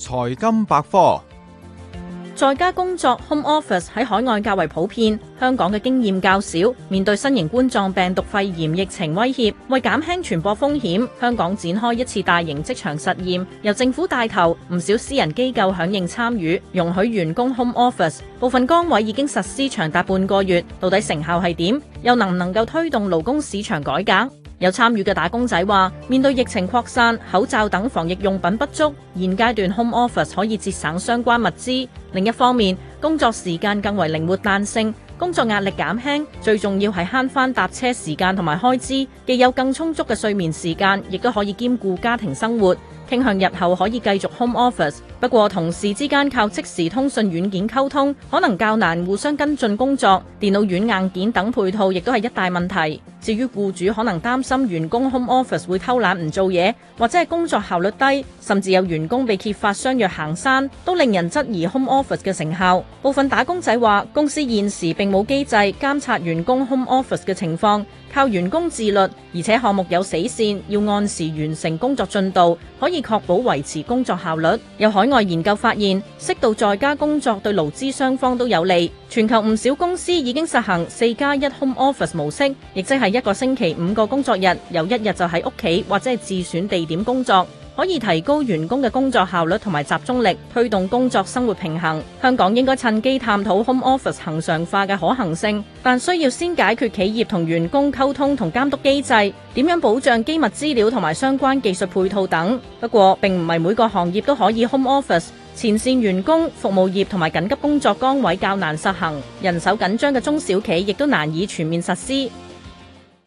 財金百科，在家工作 （home office） 喺海外較為普遍，香港嘅經驗較少。面對新型冠狀病毒肺炎疫情威脅，為減輕傳播風險，香港展開一次大型職場實驗，由政府帶頭，唔少私人機構響應參與，容許員工 home office。部分崗位已經實施長達半個月，到底成效係點？又能唔能夠推動勞工市場改革？有參與嘅打工仔話：面對疫情擴散，口罩等防疫用品不足，現階段 Home Office 可以節省相關物資。另一方面，工作時間更為靈活彈性，工作壓力減輕，最重要係慳返搭車時間同埋開支，既有更充足嘅睡眠時間，亦都可以兼顧家庭生活。傾向日後可以繼續 Home Office，不過同事之間靠即時通訊軟件溝通，可能較難互相跟進工作。電腦軟硬件等配套亦都係一大問題。至於僱主可能擔心員工 Home Office 會偷懶唔做嘢，或者係工作效率低，甚至有員工被揭發相約行山，都令人質疑 Home Office 嘅成效。部分打工仔話：公司現時並冇機制監察員工 home office 嘅情況，靠員工自律，而且項目有死線，要按時完成工作進度，可以確保維持工作效率。有海外研究發現，適度在家工作對勞資雙方都有利。全球唔少公司已經實行四加一 home office 模式，亦即係一個星期五個工作日，有一日就喺屋企或者係自選地點工作。可以提高員工嘅工作效率同埋集中力，推動工作生活平衡。香港應該趁機探討 Home Office 恒常化嘅可行性，但需要先解決企業同員工溝通同監督機制，點樣保障機密資料同埋相關技術配套等。不過並唔係每個行業都可以 Home Office，前線員工、服務業同埋緊急工作崗位較難實行，人手緊張嘅中小企亦都難以全面實施。